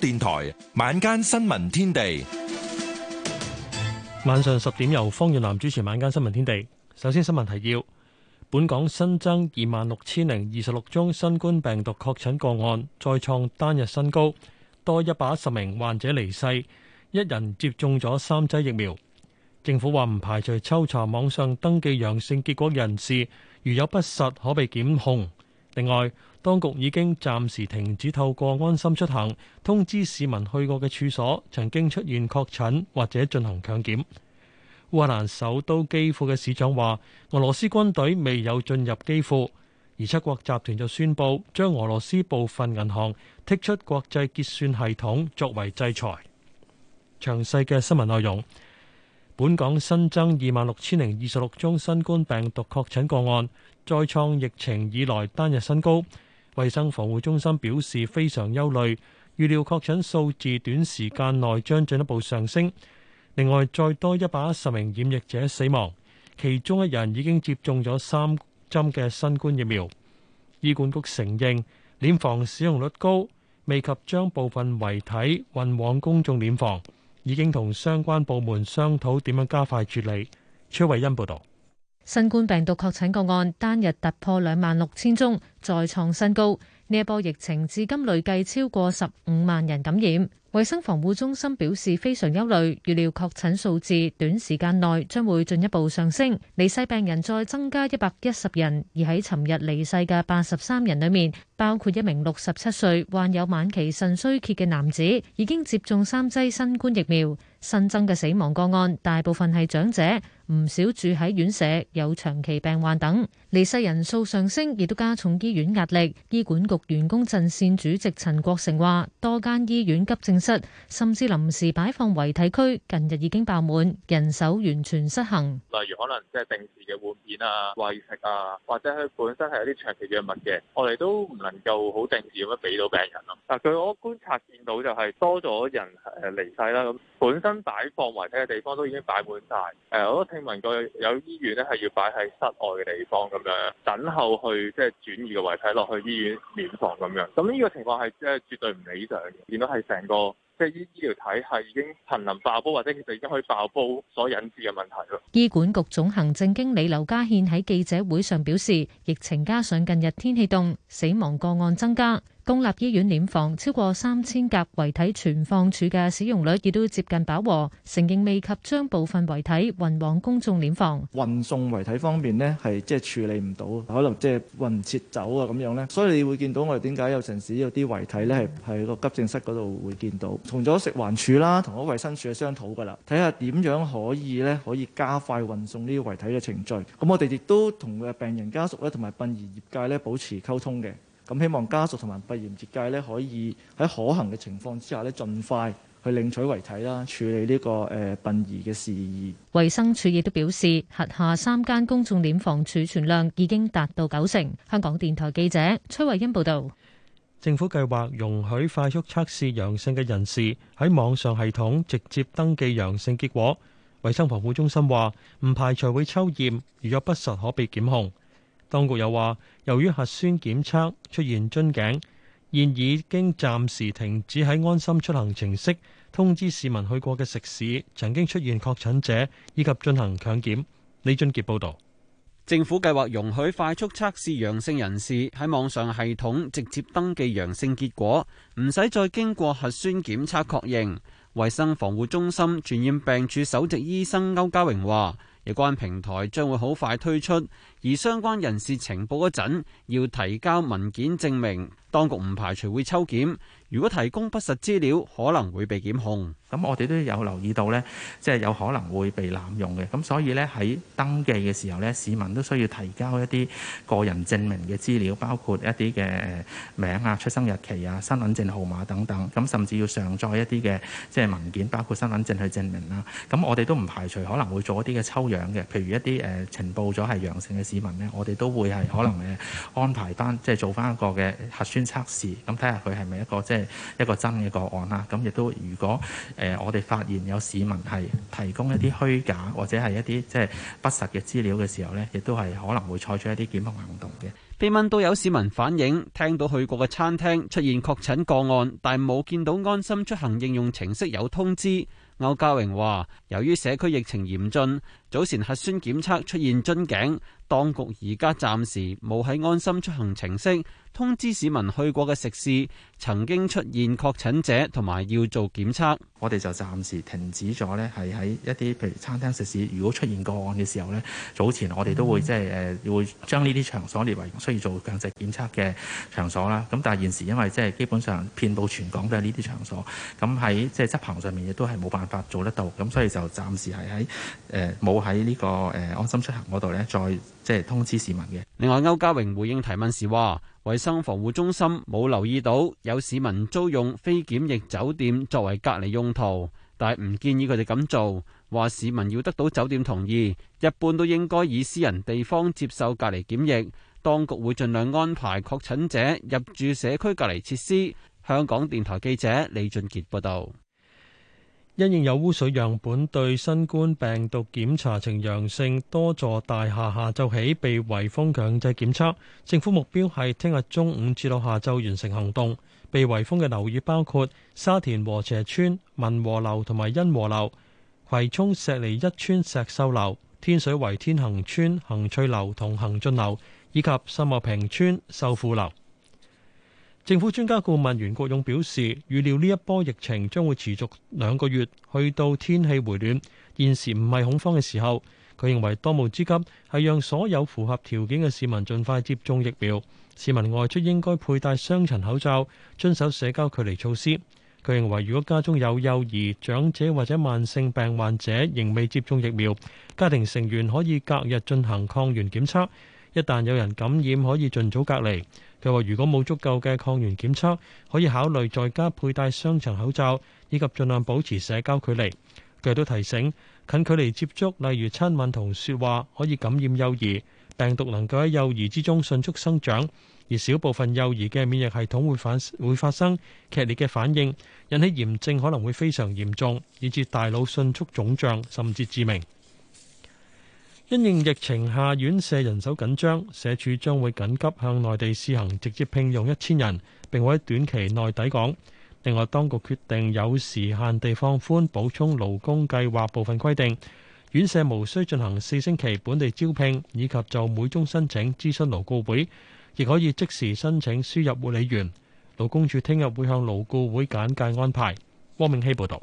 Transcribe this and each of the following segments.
電台晚間新聞天地，晚上十點由方月南主持晚間新聞天地。首先新聞提要：本港新增二萬六千零二十六宗新冠病毒確診個案，再創單日新高，多一百一十名患者離世，一人接種咗三劑疫苗。政府話唔排除抽查網上登記陽性結果人士，如有不實可被檢控。另外，當局已經暫時停止透過安心出行通知市民去過嘅處所曾經出現確診或者進行強檢。烏克蘭首都基輔嘅市長話，俄羅斯軍隊未有進入基輔，而七國集團就宣布將俄羅斯部分銀行剔出國際結算系統作為制裁。詳細嘅新聞內容。本港新增二萬六千零二十六宗新冠病毒確診個案，再創疫情以來單日新高。衛生防護中心表示非常憂慮，預料確診數字短時間內將進一步上升。另外，再多一百一十名染疫者死亡，其中一人已經接種咗三針嘅新冠疫苗。醫管局承認殮房使用率高，未及將部分遺體運往公眾殮房。已經同相關部門商討點樣加快處理。崔慧欣報導，新冠病毒確診個案單日突破兩萬六千宗，再創新高。呢一波疫情至今累計超過十五萬人感染，衛生防護中心表示非常憂慮，預料確診數字短時間內將會進一步上升。離世病人再增加一百一十人，而喺尋日離世嘅八十三人裏面，包括一名六十七歲患有晚期腎衰竭嘅男子，已經接種三劑新冠疫苗。新增嘅死亡個案大部分係長者，唔少住喺院舍，有長期病患等。離世人數上升，亦都加重醫院壓力。醫管局員工陣線主席陳國成話，多間醫院急症室甚至臨時擺放遺體區，近日已經爆滿，人手完全失衡。例如可能即係定時嘅換片啊、喂食啊，或者佢本身係有啲長期藥物嘅，我哋都唔能夠好定時咁樣俾到病人咯。啊，據我觀察見到就係多咗人誒離世啦，咁本身擺放遺體嘅地方都已經擺滿晒。誒，我都聽聞過有醫院咧係要擺喺室外嘅地方咁。誒，等候去即係轉移嘅遺體落去醫院殮房咁樣，咁呢個情況係即係絕對唔理想嘅，見到係成個即係醫醫療體系已經瀕臨爆煲，或者其實已經可以爆煲所引致嘅問題咯。醫管局總行政經理劉家憲喺記者會上表示，疫情加上近日天氣凍，死亡個案增加。公立醫院殮房超過三千格遺體存放處嘅使用率亦都接近飽和，承認未及將部分遺體運往公眾殮房。運送遺體方面呢，係即係處理唔到，可能即係運唔切走啊咁樣咧，所以你會見到我哋點解有城市有啲遺體咧係喺個急症室嗰度會見到。同咗食環署啦，同咗衛生署嘅商討噶啦，睇下點樣可以咧可以加快運送呢啲遺體嘅程序。咁我哋亦都同誒病人家屬咧，同埋殯儀業界咧保持溝通嘅。咁希望家屬同埋殯儀業界咧，可以喺可行嘅情況之下咧，盡快去領取遺體啦，處理呢個誒殯儀嘅事宜。衛生署亦都表示，轄下三間公眾殮房儲存量已經達到九成。香港電台記者崔慧欣報道。政府計劃容許快速測試陽性嘅人士喺網上系統直接登記陽性結果。衛生防護中心話，唔排除會抽驗，如有不實可被檢控。當局又話，由於核酸檢測出現樽頸，現已經暫時停止喺安心出行程式通知市民去過嘅食肆曾經出現確診者，以及進行強檢。李俊傑報導。政府計劃容許快速測試陽性人士喺網上系統直接登記陽性結果，唔使再經過核酸檢測確認。衞生防護中心傳染病處首席醫生歐家榮話。有關平台將會好快推出，而相關人士呈報嗰陣要提交文件證明，當局唔排除會抽檢。如果提供不實資料，可能會被檢控。咁我哋都有留意到呢，即係有可能會被濫用嘅。咁所以呢，喺登記嘅時候呢，市民都需要提交一啲個人證明嘅資料，包括一啲嘅名啊、出生日期啊、身份證號碼等等。咁甚至要上載一啲嘅即係文件，包括身份證去證明啦。咁我哋都唔排除可能會做一啲嘅抽樣嘅，譬如一啲誒呈報咗係陽性嘅市民呢，我哋都會係可能誒安排翻即係做翻一個嘅核酸測試，咁睇下佢係咪一個即一個爭議個案啦，咁亦都如果誒、呃、我哋發現有市民係提供一啲虛假或者係一啲即係不實嘅資料嘅時候呢，亦都係可能會採取一啲檢控行動嘅。被問到有市民反映聽到去過嘅餐廳出現確診個案，但冇見到安心出行應用程式有通知，歐家榮話：由於社區疫情嚴峻，早前核酸檢測出現樽頸。當局而家暫時冇喺安心出行程式通知市民去過嘅食肆曾經出現確診者同埋要做檢測。我哋就暫時停止咗，呢係喺一啲譬如餐廳食肆，如果出現個案嘅時候，呢早前我哋都會即係誒會將呢啲場所列為需要做強制檢測嘅場所啦。咁但係現時因為即係基本上遍佈全港嘅呢啲場所，咁喺即係執行上面亦都係冇辦法做得到，咁所以就暫時係喺誒冇喺呢個誒安心出行嗰度呢再。即係通知市民嘅。另外，歐家榮回應提問時話，衞生防護中心冇留意到有市民租用非檢疫酒店作為隔離用途，但係唔建議佢哋咁做。話市民要得到酒店同意，一般都應該以私人地方接受隔離檢疫。當局會盡量安排確診者入住社區隔離設施。香港電台記者李俊傑報道。因應有污水樣本對新冠病毒檢查呈陽性，多座大廈下晝起被圍封強制檢測。政府目標係聽日中午至到下晝完成行動。被圍封嘅樓宇包括沙田和斜村民和樓同埋欣和樓、葵涌石梨一村石秀樓、天水圍天恒村恒翠樓同恒進樓，以及深茂坪村秀富樓。政府專家顧問袁國勇表示，預料呢一波疫情將會持續兩個月，去到天氣回暖，現時唔係恐慌嘅時候。佢認為當務之急係讓所有符合條件嘅市民盡快接種疫苗。市民外出應該佩戴雙層口罩，遵守社交距離措施。佢認為，如果家中有幼兒、長者或者慢性病患者仍未接種疫苗，家庭成員可以隔日進行抗原檢測。一旦有人感染，可以盡早隔離。又話，如果冇足夠嘅抗原檢測，可以考慮在家佩戴雙層口罩，以及盡量保持社交距離。佢亦都提醒，近距離接觸，例如親吻同說話，可以感染幼兒病毒，能夠喺幼兒之中迅速生長。而小部分幼兒嘅免疫系統會反會發生劇烈嘅反應，引起炎症，可能會非常嚴重，以致大腦迅速腫脹，甚至致命。因應疫情下，院舍人手緊張，社署將會緊急向內地試行直接聘用一千人，並會喺短期內抵港。另外，當局決定有時限地放寬補充勞工計劃部分規定，院舍無需進行四星期本地招聘，以及就每宗申請諮詢勞顧會，亦可以即時申請輸入護理員，勞工處聽日會向勞顧會簡介安排。汪明希報道。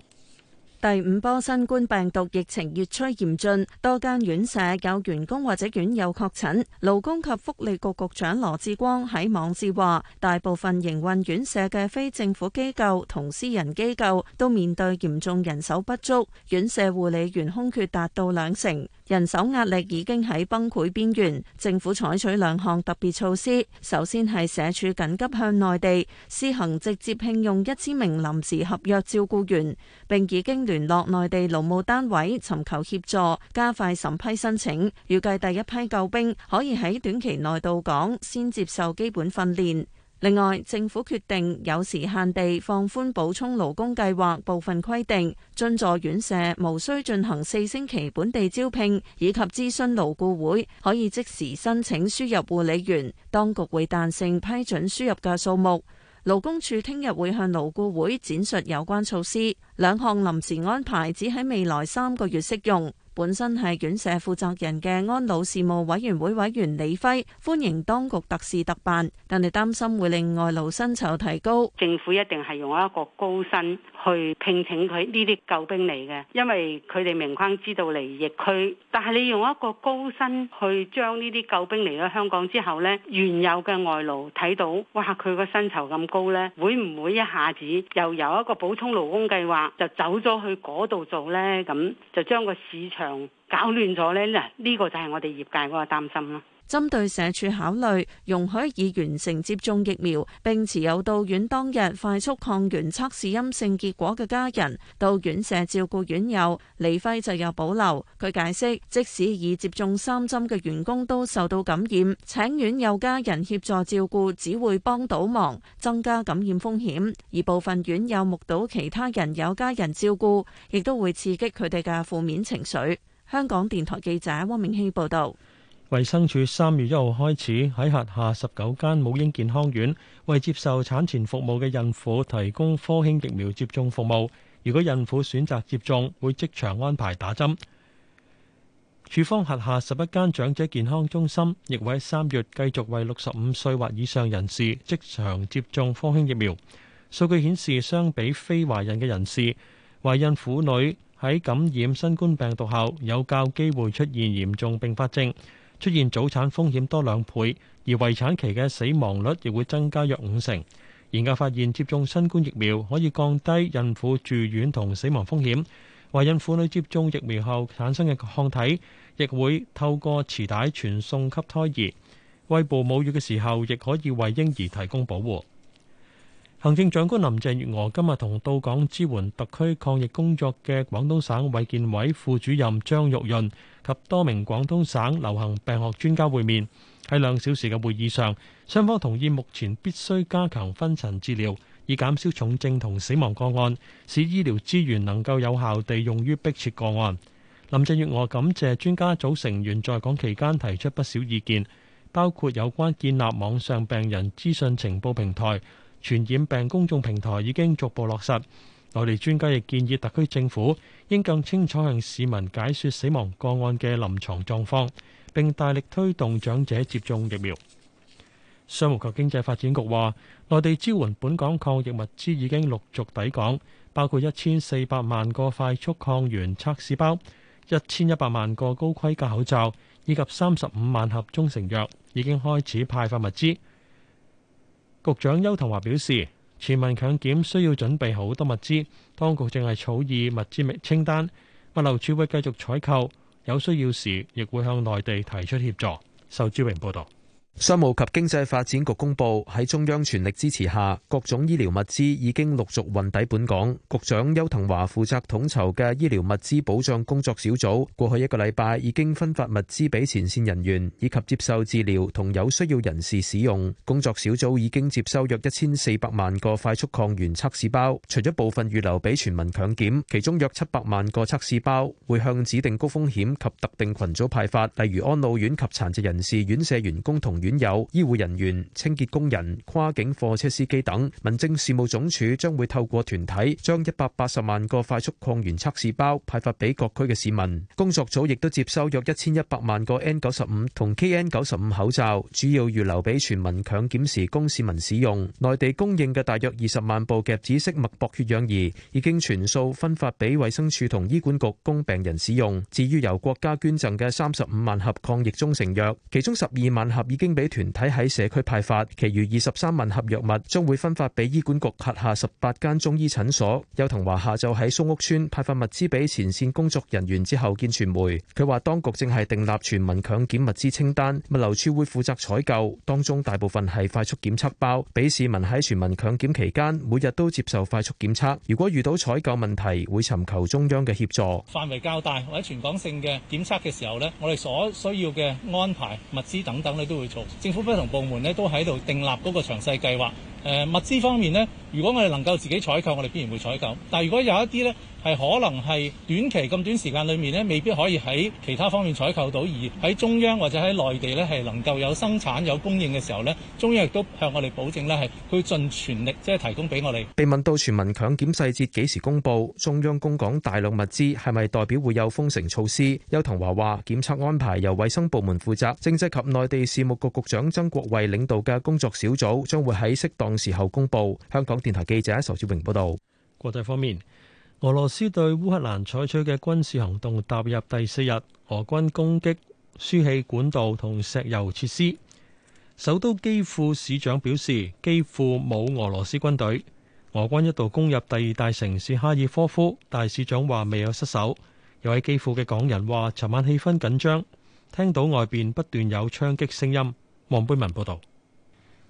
第五波新冠病毒疫情越趨嚴峻，多間院舍有員工或者院友確診。勞工及福利局局長羅致光喺網誌話：大部分營運院舍嘅非政府機構同私人機構都面對嚴重人手不足，院舍護理員空缺達到兩成，人手壓力已經喺崩潰邊緣。政府採取兩項特別措施，首先係社署緊急向內地施行直接聘用一千名臨時合約照顧員，並已經。聯絡內地勞務單位，尋求協助，加快審批申請。預計第一批救兵可以喺短期內到港，先接受基本訓練。另外，政府決定有時限地放寬補充勞工計劃部分規定，津助院舍無需進行四星期本地招聘，以及諮詢勞顧會，可以即時申請輸入護理員。當局會彈性批准輸入嘅數目。勞工處聽日會向勞顧會展述有關措施，兩項臨時安排只喺未來三個月適用。本身係院舍負責人嘅安老事務委員會委員李輝歡迎當局特事特辦，但係擔心會令外勞薪酬提高。政府一定係用一個高薪，去聘請佢呢啲救兵嚟嘅，因為佢哋明框知道嚟疫區，但係你用一個高薪去將呢啲救兵嚟咗香港之後呢，原有嘅外勞睇到，哇佢個薪酬咁高呢，會唔會一下子又由一個補充勞工計劃就走咗去嗰度做呢？咁就將個市場搞亂咗呢？嗱，呢個就係我哋業界嗰個擔心啦。針對社署考慮容許已完成接種疫苗並持有到院當日快速抗原測試陰性結果嘅家人到院舍照顧院友，李輝就有保留。佢解釋，即使已接種三針嘅員工都受到感染，請院友家人協助照顧，只會幫倒忙，增加感染風險。而部分院友目睹其他人有家人照顧，亦都會刺激佢哋嘅負面情緒。香港電台記者汪明希報導。衛生署三月一號開始喺轄下十九間母嬰健康院，為接受產前服務嘅孕婦提供科興疫苗接種服務。如果孕婦選擇接種，會即場安排打針。署方轄下十一間長者健康中心亦會喺三月繼續為六十五歲或以上人士即場接種科興疫苗。數據顯示，相比非懷孕嘅人士，懷孕婦女喺感染新冠病毒後有較機會出現嚴重併發症。出現早產風險多兩倍，而圍產期嘅死亡率亦會增加約五成。研究發現，接種新冠疫苗可以降低孕婦住院同死亡風險。懷孕婦女接種疫苗後產生嘅抗體，亦會透過臍帶傳送給胎兒，餵母乳嘅時候，亦可以為嬰兒提供保護。行政長官林鄭月娥今日同到港支援特區抗疫工作嘅廣東省衛健委副主任張玉潤及多名廣東省流行病學專家會面。喺兩小時嘅會議上，雙方同意目前必須加強分層治療，以減少重症同死亡個案，使醫療資源能夠有效地用於迫切個案。林鄭月娥感謝專家組成員在港期間提出不少意見，包括有關建立網上病人資訊情報平台。傳染病公眾平台已經逐步落實，內地專家亦建議特區政府應更清楚向市民解說死亡個案嘅臨床狀況，並大力推動長者接種疫苗。商務及經濟發展局話，內地支援本港抗疫物資已經陸續抵港，包括一千四百萬個快速抗原測試包、一千一百萬個高規格口罩以及三十五萬盒中成藥，已經開始派發物資。局長邱騰華表示，全民強檢需要準備好多物資，當局正係草擬物資明清單，物流署會繼續採購，有需要時亦會向內地提出協助。仇志榮報道。商務及經濟發展局公布，喺中央全力支持下，各種醫療物資已經陸續運抵本港。局長邱騰華負責統籌嘅醫療物資保障工作小組，過去一個禮拜已經分發物資俾前線人員以及接受治療同有需要人士使用。工作小組已經接收約一千四百萬個快速抗原測試包，除咗部分預留俾全民強檢，其中約七百萬個測試包會向指定高風險及特定群組派發，例如安老院及殘疾人士院舍員工同院友、醫護人員、清潔工人、跨境貨車司機等，民政事務總署將會透過團體將一百八十萬個快速抗原測試包派發俾各區嘅市民。工作組亦都接收約一千一百萬個 N 九十五同 KN 九十五口罩，主要預留俾全民強檢時供市民使用。內地供應嘅大約二十萬部嘅紫色脈搏血氧儀已經全數分發俾衛生署同醫管局供病人使用。至於由國家捐贈嘅三十五萬盒抗疫中成藥，其中十二萬盒已經俾團體喺社區派發，其餘二十三萬盒藥物將會分發俾醫管局轄下十八間中醫診所。邱騰華下晝喺蘇屋村派發物資俾前線工作人員之後見傳媒，佢話：當局正係訂立全民強檢物資清單，物流處會負責採購，當中大部分係快速檢測包，俾市民喺全民強檢期間每日都接受快速檢測。如果遇到採購問題，會尋求中央嘅協助。範圍較大或者全港性嘅檢測嘅時候呢，我哋所需要嘅安排物資等等你都會做。政府不同部門咧都喺度訂立嗰個詳細計劃。誒物資方面咧，如果我哋能夠自己採購，我哋必然會採購。但係如果有一啲咧係可能係短期咁短時間裏面咧，未必可以喺其他方面採購到，而喺中央或者喺內地咧係能夠有生產有供應嘅時候咧，中央亦都向我哋保證咧係佢盡全力即係提供俾我哋。被問到全民強檢細節幾時公佈，中央供港大量物資係咪代表會有封城措施？邱騰華話：檢測安排由衛生部門負責，政制及內地事務局局長曾國衛領導嘅工作小組將會喺適當時候公佈。香港電台記者仇志榮報道。國際方面，俄羅斯對烏克蘭採取嘅軍事行動踏入第四日，俄軍攻擊輸氣管道同石油設施。首都基輔市長表示，基輔冇俄羅斯軍隊。俄軍一度攻入第二大城市哈爾科夫，大市長話未有失守。有喺基輔嘅港人話，尋晚氣氛緊張，聽到外邊不斷有槍擊聲音。王貝文報道。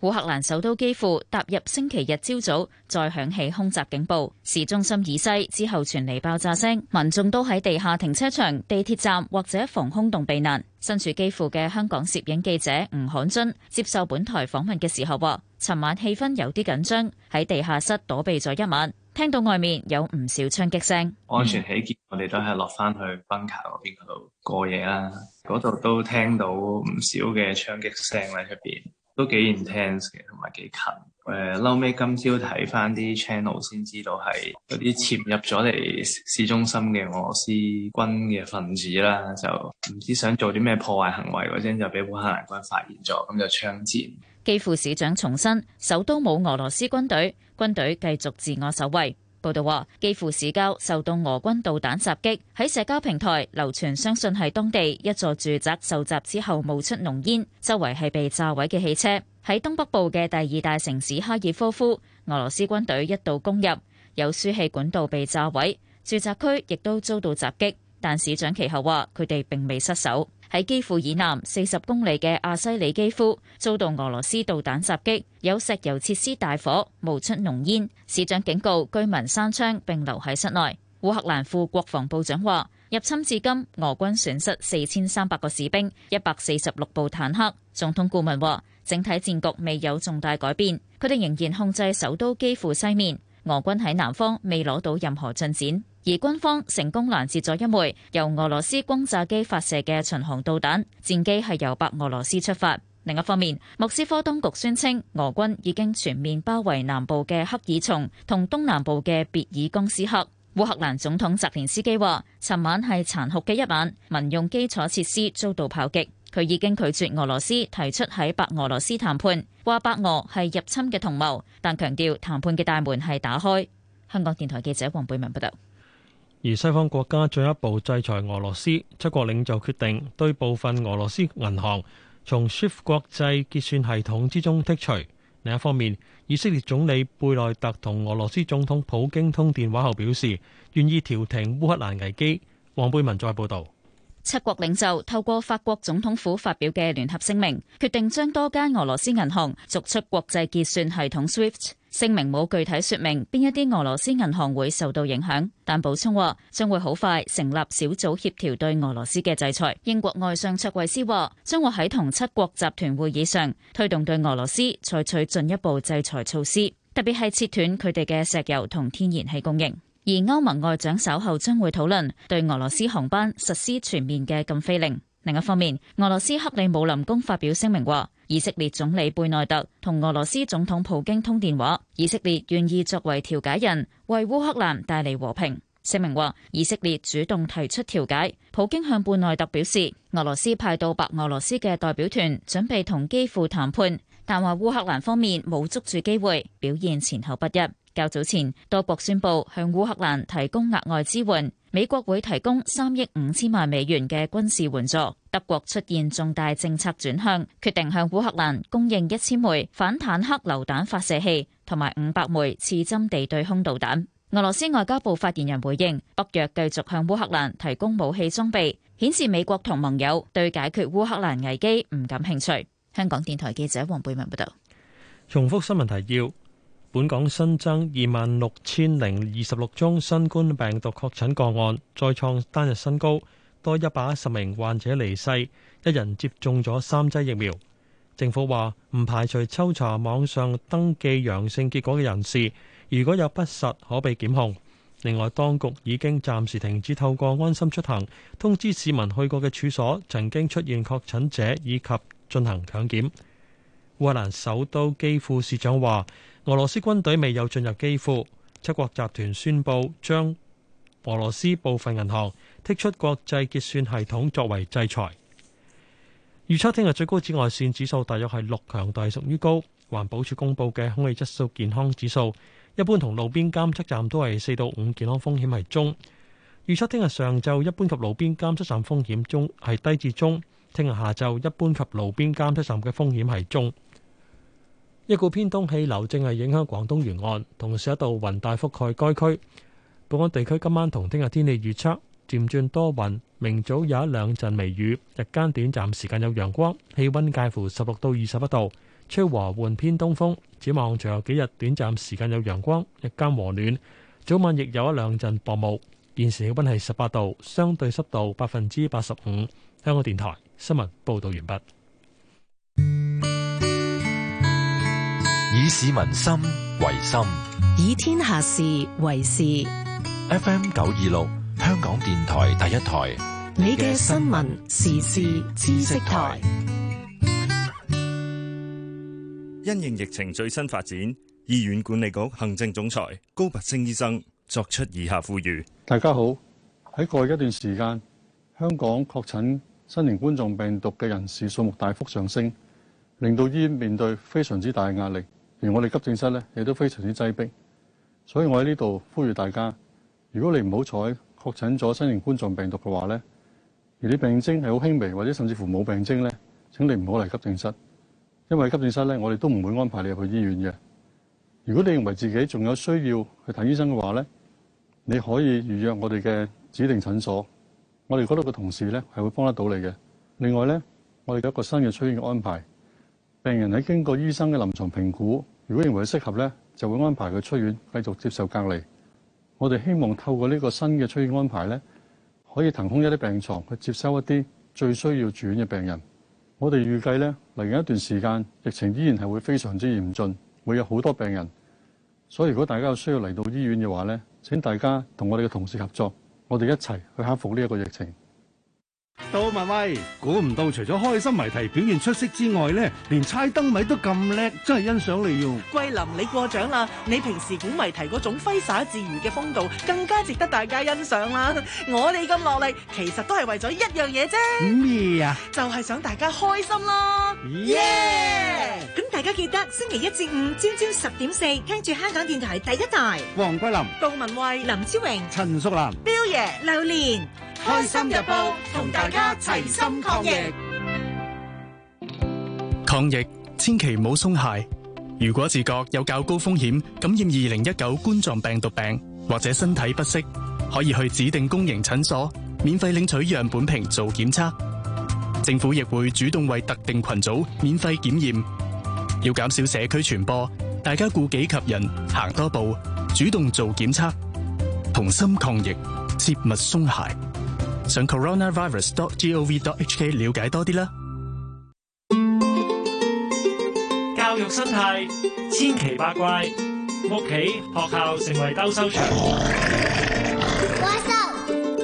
烏克蘭首都基輔踏入星期日朝早再響起空襲警報，市中心以西之後傳嚟爆炸聲，民眾都喺地下停車場、地鐵站或者防空洞避難。身處基輔嘅香港攝影記者吳漢津接受本台訪問嘅時候話：尋晚氣氛有啲緊張，喺地下室躲避咗一晚，聽到外面有唔少槍擊聲。安全起見，我哋都係落翻去崩卡嗰邊嗰度過夜啦。嗰度都聽到唔少嘅槍擊聲喺入邊。都幾 intense 嘅，同埋幾近。誒，嬲尾今朝睇翻啲 channel 先知道係有啲潛入咗嚟市中心嘅俄羅斯軍嘅分子啦，就唔知想做啲咩破壞行為嗰陣，就俾烏克蘭軍發現咗，咁就槍戰。基輔市長重申，首都冇俄羅斯軍隊，軍隊繼續自我守衛。報道話，基輔市郊受到俄軍導彈襲擊。喺社交平台流傳，相信係當地一座住宅受襲之後冒出濃煙，周圍係被炸毀嘅汽車。喺東北部嘅第二大城市哈爾科夫，俄羅斯軍隊一度攻入，有輸氣管道被炸毀，住宅區亦都遭到襲擊。但市長其後話，佢哋並未失守。喺基輔以南四十公里嘅阿西里基夫遭到俄羅斯導彈襲擊，有石油設施大火冒出濃煙。市長警告居民閂窗並留喺室內。烏克蘭副國防部長話：入侵至今，俄軍損失四千三百個士兵、一百四十六部坦克。總統顧問話：整體戰局未有重大改變，佢哋仍然控制首都基輔西面。俄軍喺南方未攞到任何進展。而軍方成功攔截咗一枚由俄羅斯轟炸機發射嘅巡航導彈，戰機係由白俄羅斯出發。另一方面，莫斯科當局宣稱俄軍已經全面包圍南部嘅赫爾松同東南部嘅別爾江斯克。烏克蘭總統澤連斯基話，尋晚係殘酷嘅一晚，民用基礎設施遭到炮擊。佢已經拒絕俄羅斯提出喺白俄羅斯談判，話白俄係入侵嘅同謀，但強調談判嘅大門係打開。香港電台記者黃貝文報道。而西方國家進一步制裁俄羅斯，七國領袖決定對部分俄羅斯銀行從 SWIFT 國際結算系統之中剔除。另一方面，以色列總理貝內特同俄羅斯總統普京通電話後表示，願意調停烏克蘭危機。黃貝文再報道。七國領袖透過法國總統府發表嘅聯合聲明，決定將多間俄羅斯銀行逐出國際結算系統 SWIFT。聲明冇具體說明邊一啲俄羅斯銀行會受到影響，但補充話將會好快成立小組協調對俄羅斯嘅制裁。英國外相卓慧思話，將會喺同七國集團會議上推動對俄羅斯採取進一步制裁措施，特別係切斷佢哋嘅石油同天然氣供應。而歐盟外長稍後將會討論對俄羅斯航班實施全面嘅禁飛令。另一方面，俄羅斯克里姆林宮發表聲明話，以色列總理貝內特同俄羅斯總統普京通電話，以色列願意作為調解人為烏克蘭帶嚟和平。聲明話，以色列主動提出調解，普京向貝內特表示，俄羅斯派到白俄羅斯嘅代表團準備同基輔談判，但話烏克蘭方面冇捉住機會，表現前後不一。較早前，多國宣布向烏克蘭提供額外支援，美國會提供三億五千萬美元嘅軍事援助。德國出現重大政策轉向，決定向烏克蘭供應一千枚反坦克榴彈發射器同埋五百枚刺針地對空導彈。俄羅斯外交部發言人回應：北約繼續向烏克蘭提供武器裝備，顯示美國同盟友對解決烏克蘭危機唔感興趣。香港電台記者黃貝文報道。重複新聞提要。本港新增二萬六千零二十六宗新冠病毒確診個案，再創單日新高，多一百一十名患者離世，一人接種咗三劑疫苗。政府話唔排除抽查網上登記陽性結果嘅人士，如果有不實，可被檢控。另外，當局已經暫時停止透過安心出行通知市民去過嘅處所曾經出現確診者，以及進行強檢。烏克蘭首都基輔市長話。俄羅斯軍隊未有進入基輔。七國集團宣布將俄羅斯部分銀行剔出國際結算系統，作為制裁。預測聽日最高紫外線指數大約係六，強大係屬於高。環保署公布嘅空氣質素健康指數，一般同路邊監測站都係四到五，健康風險係中。預測聽日上晝一般及路邊監測站風險中係低至中，聽日下晝一般及路邊監測站嘅風險係中。一股偏東氣流正係影響廣東沿岸，同時一道雲帶覆蓋該區。本港地區今晚同聽日天氣預測漸轉多雲，明早有一兩陣微雨，日間短暫時間有陽光，氣温介乎十六到二十一度，吹和緩偏東風。展望隨後幾日短暫時間有陽光，日間和暖，早晚亦有一兩陣薄霧。現時氣温係十八度，相對濕度百分之八十五。香港電台新聞報導完畢。以市民心為心，以天下事為事。F. M. 九二六，香港電台第一台。你嘅新聞時事知識台。因應疫情最新發展，醫院管理局行政總裁高拔陞醫生作出以下呼籲：大家好，喺過去一段時間，香港確診新型冠狀病毒嘅人士數目大幅上升，令到醫院面對非常之大嘅壓力。而我哋急症室咧，亦都非常之擠迫，所以我喺呢度呼籲大家：如果你唔好彩確診咗新型冠狀病毒嘅話咧，而你病徵係好輕微，或者甚至乎冇病徵咧，請你唔好嚟急症室，因為急症室咧，我哋都唔會安排你入去醫院嘅。如果你認為自己仲有需要去睇醫生嘅話咧，你可以預約我哋嘅指定診所，我哋嗰度嘅同事咧係會幫得到你嘅。另外咧，我哋有一個新嘅出院嘅安排，病人喺經過醫生嘅臨床評估。如果認為適合咧，就會安排佢出院，繼續接受隔離。我哋希望透過呢個新嘅出院安排咧，可以騰空一啲病床，去接收一啲最需要住院嘅病人。我哋預計咧，嚟緊一段時間，疫情依然係會非常之嚴峻，會有好多病人。所以如果大家有需要嚟到醫院嘅話咧，請大家同我哋嘅同事合作，我哋一齊去克服呢一個疫情。杜文蔚，估唔到除咗開心謎題表現出色之外咧，連猜燈謎都咁叻，真係欣賞你喎。桂林，你過獎啦，你平時估謎題嗰種揮灑自如嘅風度，更加值得大家欣賞啦。我哋咁落力，其實都係為咗一樣嘢啫。咩啊？就係想大家開心囉。耶！咁大家記得星期一至五朝朝十點四，聽住香港電台第一台。黃桂林、杜文蔚、林超榮、陳淑蘭、彪爺、榴蓮。《開心日報》同大家齊心抗疫，抗疫千祈唔好鬆懈。如果自覺有較高風險感染二零一九冠狀病毒病，或者身體不適，可以去指定公營診所免費領取樣本瓶做檢測。政府亦會主動為特定群組免費檢驗。要減少社區傳播，大家顧己及人，行多步，主動做檢測，同心抗疫，切勿鬆懈。上 coronavirus.gov.hk 了解多啲啦。教育生態千奇百怪，屋企、學校成為鬥獸場。塞怪獸，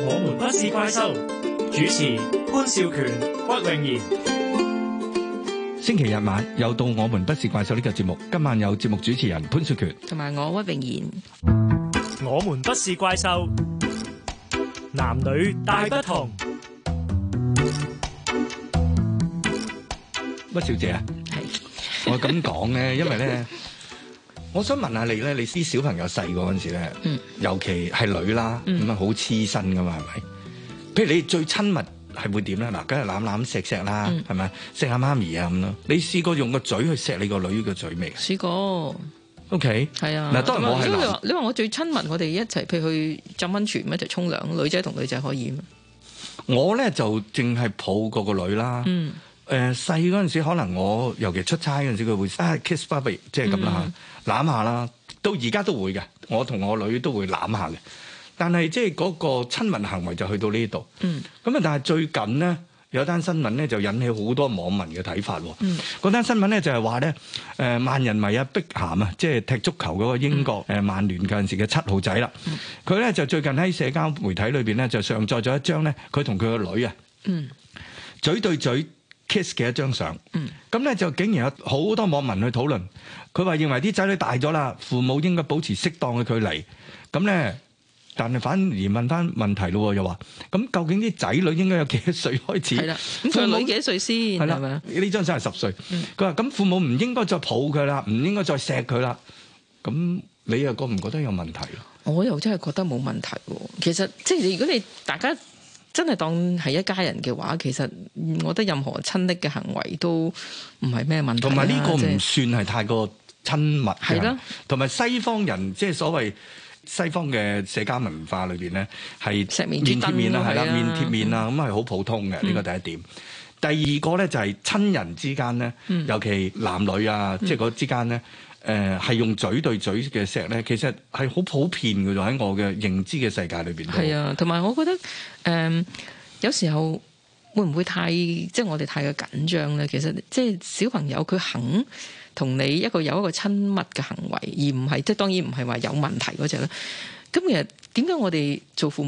我們不是怪獸。這個、主持潘少權、屈穎妍。星期日晚又到我們不是怪獸呢個節目，今晚有節目主持人潘少權同埋我屈穎妍。我們不是怪獸。男女大不同，乜小姐啊？係 我咁講咧，因為咧，我想問下你咧，你啲小朋友細個嗰陣時咧，尤其係女啦，咁啊好黐身噶嘛，係咪？譬如你最親密係會點咧？嗱，梗係攬攬、錫錫啦，係咪？錫下媽咪啊咁咯。你試過用個嘴去錫你個女嘅嘴未？試過。O K，係啊，嗱，當然我係男。你話你話我最親密，我哋一齊譬如，如，如去浸温泉一齊沖涼，女仔同女仔可以我咧就淨係抱過個女啦。嗯。誒細嗰陣時，可能我尤其出差嗰陣時，佢會啊 kiss baby 即係咁啦嚇攬下啦，到而家都會嘅。我同我女都會攬下嘅。但係即係嗰個親密行為就去到呢度。嗯。咁啊，但係最近咧。有一單新聞咧就引起好多網民嘅睇法。嗰單新聞咧就係話咧，誒萬人迷啊碧咸啊，即係踢足球嗰個英國誒曼聯嗰陣時嘅七號仔啦。佢咧就最近喺社交媒體裏邊咧就上載咗一張咧佢同佢個女啊嘴對嘴 kiss 嘅一張相。咁咧就竟然有好多網民去討論，佢話認為啲仔女大咗啦，父母應該保持適當嘅距離。咁咧。但係反而問翻問題咯，又話咁究竟啲仔女應該有幾多歲開始？係啦的，父母女幾多歲先？係啦的，係咪啊？呢張真係十歲。佢話、嗯：咁父母唔應該再抱佢啦，唔應該再錫佢啦。咁你又覺唔覺得有問題？我又真係覺得冇問題、啊。其實即係如果你大家真係當係一家人嘅話，其實我覺得任何親昵嘅行為都唔係咩問題、啊。同埋呢個唔算係太過親密。係咯的。同埋西方人即係所謂。西方嘅社交文化裏邊咧，係面貼面啦，係啦，面貼面啦，咁係好普通嘅呢個第一點。第二個咧就係親人之間咧，嗯、尤其男女啊，即係嗰之間咧，誒係、嗯呃、用嘴對嘴嘅錫咧，其實係好普遍嘅就喺我嘅認知嘅世界裏邊。係啊，同埋我覺得誒、嗯、有時候會唔會太即係、就是、我哋太過緊張咧？其實即係、就是、小朋友佢肯。同你一個有一個親密嘅行為，而唔係即係，當然唔係話有問題只啦。咁其實點解我哋做父母？